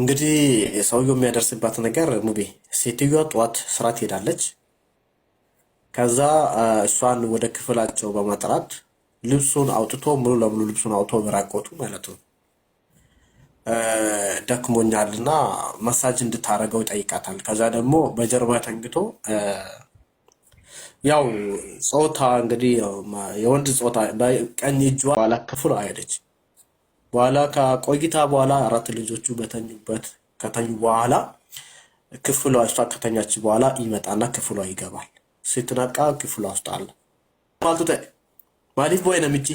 እንግዲህ ሰውየው የሚያደርስባት ነገር ሙቤ፣ ሴትዮዋ ጠዋት ስራ ትሄዳለች። ከዛ እሷን ወደ ክፍላቸው በማጥራት ልብሱን አውጥቶ ሙሉ ለሙሉ ልብሱን አውጥቶ በራቆቱ ማለት ነው ደክሞኛልና መሳጅ እንድታደርገው ይጠይቃታል። ከዛ ደግሞ በጀርባ ተንግቶ ያው ጾታ እንግዲህ የወንድ ጾታ በቀኝ እጇ ባላከፉ ነው አሄደች በኋላ ከቆይታ በኋላ አራት ልጆቹ በተኙበት ከተኙ በኋላ ክፍሏ እሷ ከተኛች በኋላ ይመጣና ክፍሏ ይገባል። ስትነቃ ክፍሏ ውስጥ አለ ማልቱተ ማሊፍ ቦይ ነምጪ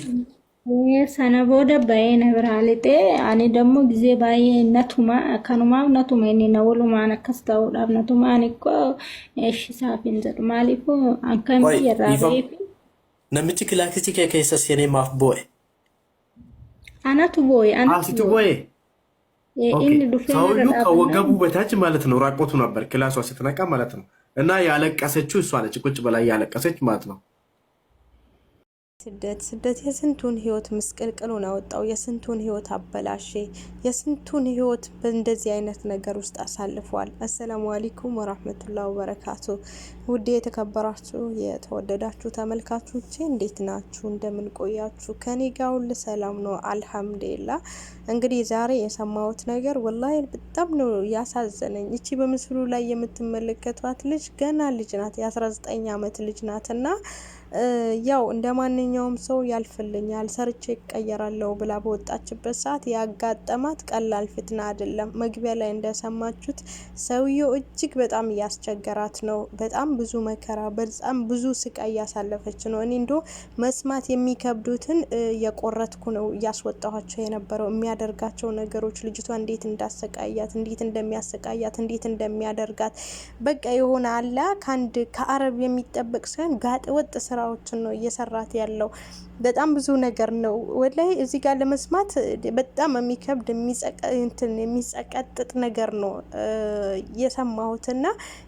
ሰነ ቦደ በየነ ብርሃሊጤ አኔ ደግሞ ጊዜ ባየ ነቱማ ከኑማ ነቱማ ኒ ነወሉ ማነ ከስታው ዳብ ነቱማ አኔ እሺ ሳፊን ዘዱ ማሊፎ አንከም ይራቤ ነምጭ ክላክቲ ከከሰስ የኔ ማፍ ቦይ አናቱ ቦይ አናቱ ቦይ ሰውዩ ከወገቡ በታች ማለት ነው። ራቆቱ ነበር ክላሷ ስትነቃ ማለት ነው። እና ያለቀሰችው እሷ አለች፣ ቁጭ በላይ ያለቀሰች ማለት ነው። ስደት ስደት የስንቱን ህይወት ምስቅልቅሉን አወጣው። የስንቱን ህይወት አበላሼ። የስንቱን ህይወት በእንደዚህ አይነት ነገር ውስጥ አሳልፏል። አሰላሙ አለይኩም ወራህመቱላ ወበረካቱ። ውዴ የተከበራችሁ የተወደዳችሁ ተመልካቾቼ እንዴት ናችሁ? እንደምን ቆያችሁ? ከኔ ጋር ሁሉ ሰላም ነው አልሐምዱሊላ። እንግዲህ ዛሬ የሰማሁት ነገር ወላሂ በጣም ነው ያሳዘነኝ። እቺ በምስሉ ላይ የምትመለከቷት ልጅ ገና ልጅ ናት፣ የ19 ዓመት ልጅ ናትና ያው እንደ ማንኛውም ሰው ያልፍልኛል ሰርቼ ይቀየራለሁ ብላ በወጣችበት ሰዓት ያጋጠማት ቀላል ፍትና አይደለም። መግቢያ ላይ እንደሰማችሁት ሰውየው እጅግ በጣም እያስቸገራት ነው። በጣም ብዙ መከራ፣ በጣም ብዙ ስቃይ እያሳለፈች ነው። እኔ እንዶ መስማት የሚከብዱትን የቆረጥኩ ነው እያስወጣኋቸው የነበረው የሚያደርጋቸው ነገሮች ልጅቷ እንዴት እንዳሰቃያት፣ እንዴት እንደሚያሰቃያት፣ እንዴት እንደሚያደርጋት በቃ የሆነ አላ ከአንድ ከአረብ የሚጠበቅ ሳይሆን ጋጥ ወጥ ስራ ስራዎችን ነው እየሰራት ያለው። በጣም ብዙ ነገር ነው ወላይ እዚህ ጋር ለመስማት በጣም የሚከብድ የሚጸቀጥጥ ነገር ነው እና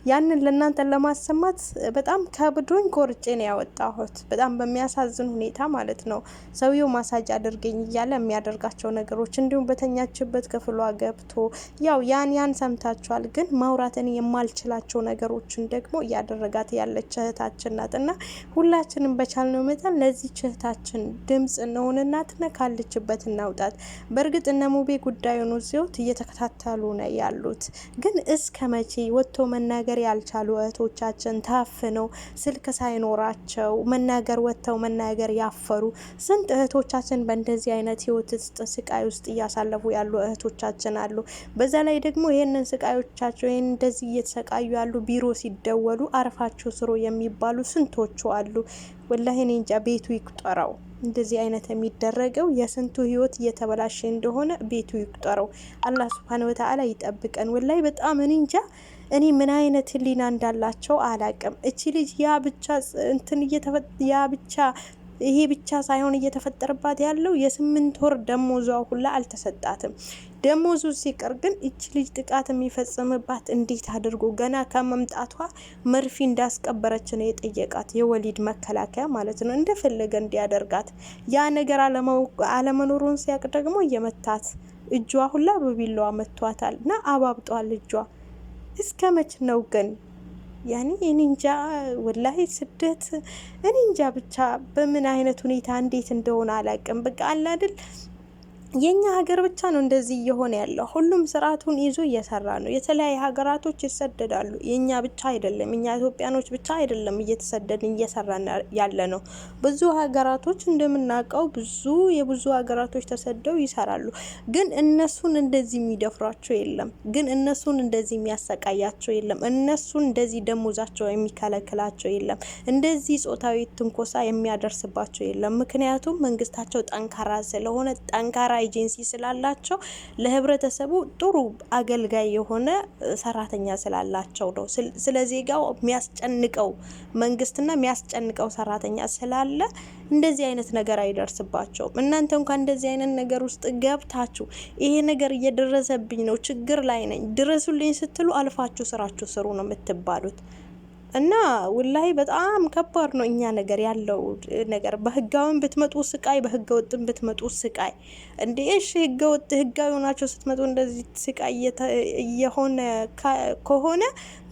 ያንን ለእናንተን ለማሰማት በጣም ከብዶኝ ቆርጬ ነው ያወጣሁት። በጣም በሚያሳዝን ሁኔታ ማለት ነው። ሰውየው ማሳጅ አድርገኝ እያለ የሚያደርጋቸው ነገሮች እንዲሁም በተኛችበት ክፍሏ ገብቶ ያው ያን ያን ሰምታችኋል። ግን ማውራትን የማልችላቸው ነገሮችን ደግሞ እያደረጋት ያለች እህታችን ናት እና ሁላ ሁላችንም በቻልነው መጠን ለዚህ እህታችን ድምጽ እንሆንና ትነካለችበት እናውጣት። በእርግጥ እነ ሙቤ ጉዳዩን ውዚውት እየተከታተሉ ነው ያሉት። ግን እስከ መቼ ወጥቶ መናገር ያልቻሉ እህቶቻችን ታፍነው ስልክ ሳይኖራቸው መናገር ወጥተው መናገር ያፈሩ ስንት እህቶቻችን በእንደዚህ አይነት ህይወት ውስጥ ስቃይ ውስጥ እያሳለፉ ያሉ እህቶቻችን አሉ። በዛ ላይ ደግሞ ይህንን ስቃዮቻቸው ይህን እንደዚህ እየተሰቃዩ ያሉ ቢሮ ሲደወሉ አርፋቸው ስሮ የሚባሉ ስንቶቹ አሉ። ወላሂ እኔ እንጃ ቤቱ ይቁጠረው። እንደዚህ አይነት የሚደረገው የስንቱ ህይወት እየተበላሸ እንደሆነ ቤቱ ይቁጠረው። አላህ ሱብሃነ ወተዓላ ይጠብቀን። ወላይ በጣም እኔ እንጃ እኔ ምን አይነት ህሊና እንዳላቸው አላቅም። እቺ ልጅ ያ ብቻ እንትን እየተፈ ያ ብቻ ይሄ ብቻ ሳይሆን እየተፈጠረባት ያለው የስምንት ወር ደሞዟ ሁላ አልተሰጣትም። ደሞዙ ሲቀር ግን እች ልጅ ጥቃት የሚፈጸምባት እንዴት አድርጎ ገና ከመምጣቷ መርፊ እንዳስቀበረች ነው የጠየቃት የወሊድ መከላከያ ማለት ነው። እንደፈለገ እንዲያደርጋት ያ ነገር አለመኖሩን ሲያቅ ደግሞ የመታት እጇ ሁላ በቢላዋ መቷታል እና አባብጧል እጇ። እስከ መች ነው ግን ያኔ እኔ እንጃ ወላሂ ስደት እኔ እንጃ ብቻ በምን አይነት ሁኔታ እንዴት እንደሆነ አላውቅም። በቃ አላድል የኛ ሀገር ብቻ ነው እንደዚህ እየሆነ ያለው። ሁሉም ስርዓቱን ይዞ እየሰራ ነው። የተለያዩ ሀገራቶች ይሰደዳሉ። የኛ ብቻ አይደለም፣ እኛ ኢትዮጵያኖች ብቻ አይደለም እየተሰደድን እየሰራን ያለ ነው። ብዙ ሀገራቶች እንደምናውቀው ብዙ የብዙ ሀገራቶች ተሰደው ይሰራሉ። ግን እነሱን እንደዚህ የሚደፍሯቸው የለም። ግን እነሱን እንደዚህ የሚያሰቃያቸው የለም። እነሱን እንደዚህ ደሞዛቸው የሚከለክላቸው የለም። እንደዚህ ጾታዊ ትንኮሳ የሚያደርስባቸው የለም። ምክንያቱም መንግስታቸው ጠንካራ ስለሆነ ጠንካራ ኤጀንሲ ስላላቸው ለህብረተሰቡ ጥሩ አገልጋይ የሆነ ሰራተኛ ስላላቸው ነው። ስለዜጋው የሚያስጨንቀው መንግስትና የሚያስጨንቀው ሰራተኛ ስላለ እንደዚህ አይነት ነገር አይደርስባቸውም። እናንተ እንኳን እንደዚህ አይነት ነገር ውስጥ ገብታችሁ ይሄ ነገር እየደረሰብኝ ነው፣ ችግር ላይ ነኝ፣ ድረሱልኝ ስትሉ አልፋችሁ ስራችሁ ስሩ ነው የምትባሉት። እና ውላይ በጣም ከባድ ነው። እኛ ነገር ያለው ነገር በህጋዊም ብትመጡ ስቃይ፣ በህገ ወጥም ብትመጡ ስቃይ። እንዴ እሺ ህገ ወጥ ህጋዊ ሆናቸው ስትመጡ እንደዚህ ስቃይ እየሆነ ከሆነ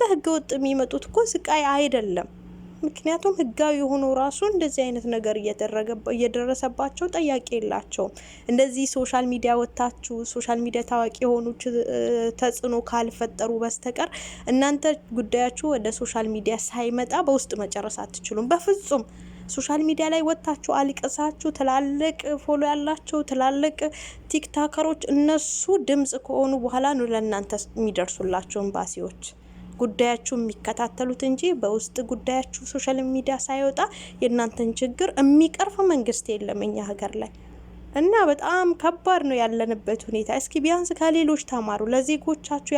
በህገ ወጥ የሚመጡት እኮ ስቃይ አይደለም። ምክንያቱም ህጋዊ የሆኑ ራሱ እንደዚህ አይነት ነገር እየደረሰባቸው ጠያቂ የላቸውም። እንደዚህ ሶሻል ሚዲያ ወጥታችሁ ሶሻል ሚዲያ ታዋቂ የሆኑ ተጽዕኖ ካልፈጠሩ በስተቀር እናንተ ጉዳያችሁ ወደ ሶሻል ሚዲያ ሳይመጣ በውስጥ መጨረስ አትችሉም በፍጹም። ሶሻል ሚዲያ ላይ ወጥታችሁ አልቅሳችሁ ትላልቅ ፎሎ ያላቸው ትላልቅ ቲክታከሮች እነሱ ድምጽ ከሆኑ በኋላ ነው ለእናንተ የሚደርሱላቸው ኤምባሲዎች። ጉዳያችሁ የሚከታተሉት እንጂ በውስጥ ጉዳያችሁ ሶሻል ሚዲያ ሳይወጣ የእናንተን ችግር የሚቀርፍ መንግስት የለም እኛ ሀገር ላይ እና በጣም ከባድ ነው ያለንበት ሁኔታ። እስኪ ቢያንስ ከሌሎች ተማሩ። ለዜጎቻችሁ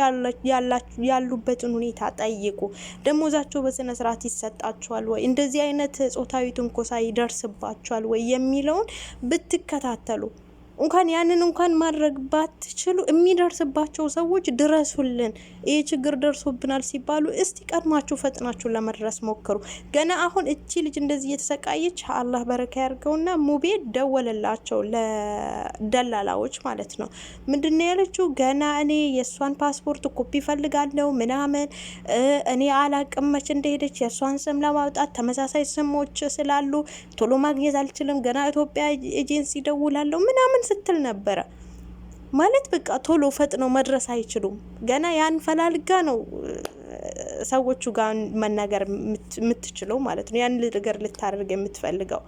ያሉበትን ሁኔታ ጠይቁ። ደሞዛቸው በስነ ስርዓት ይሰጣችኋል ወይ፣ እንደዚህ አይነት ጾታዊ ትንኮሳ ይደርስባችኋል ወይ የሚለውን ብትከታተሉ እንኳን ያንን እንኳን ማድረግ ባትችሉ የሚደርስባቸው ሰዎች ድረሱልን፣ ይህ ችግር ደርሶብናል ሲባሉ እስቲ ቀድማችሁ ፈጥናችሁ ለመድረስ ሞክሩ። ገና አሁን እቺ ልጅ እንደዚህ እየተሰቃየች አላህ በረካ ያርገውና ሙቤ ደወለላቸው ለደላላዎች ማለት ነው። ምንድን ያለችው? ገና እኔ የእሷን ፓስፖርት ኮፒ ፈልጋለሁ ምናምን እኔ አላቅም መች እንደሄደች የእሷን ስም ለማውጣት ተመሳሳይ ስሞች ስላሉ ቶሎ ማግኘት አልችልም። ገና ኢትዮጵያ ኤጀንሲ ደውላለሁ ምናምን ስትል ነበረ። ማለት በቃ ቶሎ ፈጥነው መድረስ አይችሉም። ገና ያን ፈላልጋ ነው ሰዎቹ ጋር መናገር የምትችለው ማለት ነው። ያን ነገር ልታደርግ የምትፈልገው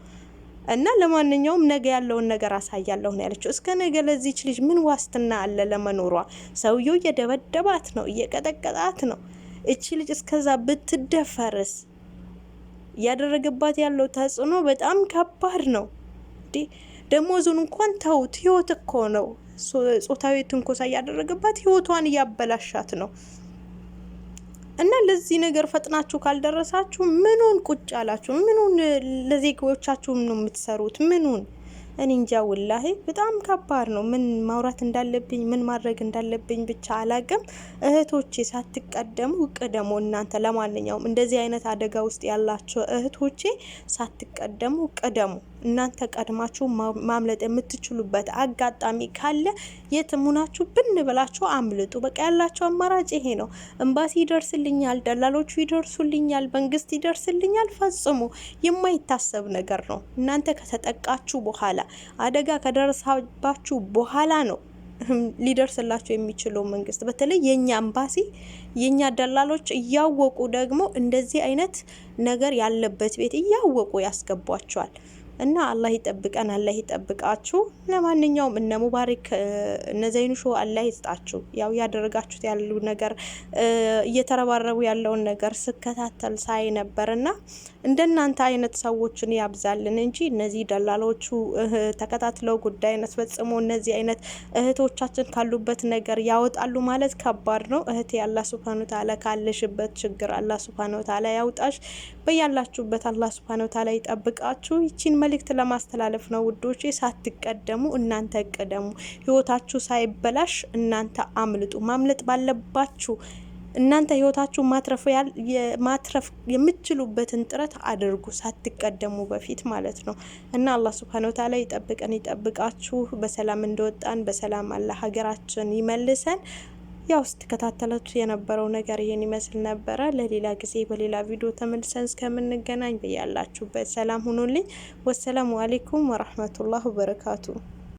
እና ለማንኛውም ነገ ያለውን ነገር አሳያለሁ ነው ያለችው። እስከ ነገ ለዚች ልጅ ምን ዋስትና አለ ለመኖሯ? ሰውየው እየደበደባት ነው፣ እየቀጠቀጣት ነው። እቺ ልጅ እስከዛ ብትደፈርስ? እያደረገባት ያለው ተጽዕኖ በጣም ከባድ ነው። ደሞዙን እንኳን ተውት፣ ህይወት እኮ ነው። ጾታዊ ትንኮሳ እያደረገባት ህይወቷን እያበላሻት ነው። እና ለዚህ ነገር ፈጥናችሁ ካልደረሳችሁ ምኑን ቁጭ አላችሁ? ምኑን ለዜጎቻችሁ ነው የምትሰሩት? ምኑን እኔ እንጃ ውላሄ፣ በጣም ከባድ ነው። ምን ማውራት እንዳለብኝ ምን ማድረግ እንዳለብኝ ብቻ አላቅም። እህቶቼ ሳትቀደሙ ቅደሙ። እናንተ ለማንኛውም እንደዚህ አይነት አደጋ ውስጥ ያላቸው እህቶቼ ሳትቀደሙ ቅደሙ። እናንተ ቀድማችሁ ማምለጥ የምትችሉበት አጋጣሚ ካለ የትም ሆናችሁ ብን ብላችሁ አምልጡ። በቃ ያላችሁ አማራጭ ይሄ ነው። እምባሲ ይደርስልኛል፣ ደላሎቹ ይደርሱልኛል፣ መንግስት ይደርስልኛል፣ ፈጽሞ የማይታሰብ ነገር ነው። እናንተ ከተጠቃችሁ በኋላ አደጋ ከደረሰባችሁ በኋላ ነው ሊደርስላቸው የሚችለው መንግስት። በተለይ የኛ አምባሲ የኛ ደላሎች እያወቁ ደግሞ እንደዚህ አይነት ነገር ያለበት ቤት እያወቁ ያስገቧቸዋል። እና አላህ ይጠብቀን፣ አላህ ይጠብቃችሁ። ለማንኛውም እነ ሙባሪክ እነ ዘይኑ ሾ አላህ ይስጣችሁ። ያው ያደረጋችሁት ያሉ ነገር እየተረባረቡ ያለውን ነገር ስከታተል ሳይ ነበር እና እንደናንተ አይነት ሰዎችን ያብዛልን እንጂ እነዚህ ደላሎቹ ተከታትለው ጉዳይ አስፈጽሞ እነዚህ አይነት እህቶቻችን ካሉበት ነገር ያወጣሉ ማለት ከባድ ነው። እህቴ አላህ ሱብሃነ ወተዓላ ካለሽበት ችግር አላህ ሱብሃነ ወተዓላ ያውጣሽ። በያላችሁበት አላህ ሱብሃነ ወተዓላ ይጠብቃችሁ። ይቺን መልእክት ለማስተላለፍ ነው ውዶቼ። ሳትቀደሙ እናንተ ቀደሙ። ህይወታችሁ ሳይበላሽ እናንተ አምልጡ። ማምለጥ ባለባችሁ እናንተ ህይወታችሁ ማትረፍ የምትችሉበትን ጥረት አድርጉ፣ ሳትቀደሙ በፊት ማለት ነው። እና አላህ ስብሐነሁ ወተዓላ ይጠብቀን፣ ይጠብቃችሁ። በሰላም እንደወጣን በሰላም አላህ ሀገራችን ይመልሰን። ያው ስትከታተሉት የነበረው ነገር ይህን ይመስል ነበረ። ለሌላ ጊዜ በሌላ ቪዲዮ ተመልሰን እስከምንገናኝ በያላችሁበት ሰላም ሁኑልኝ። ወሰላሙ አሌይኩም ወረህመቱላህ ወበረካቱ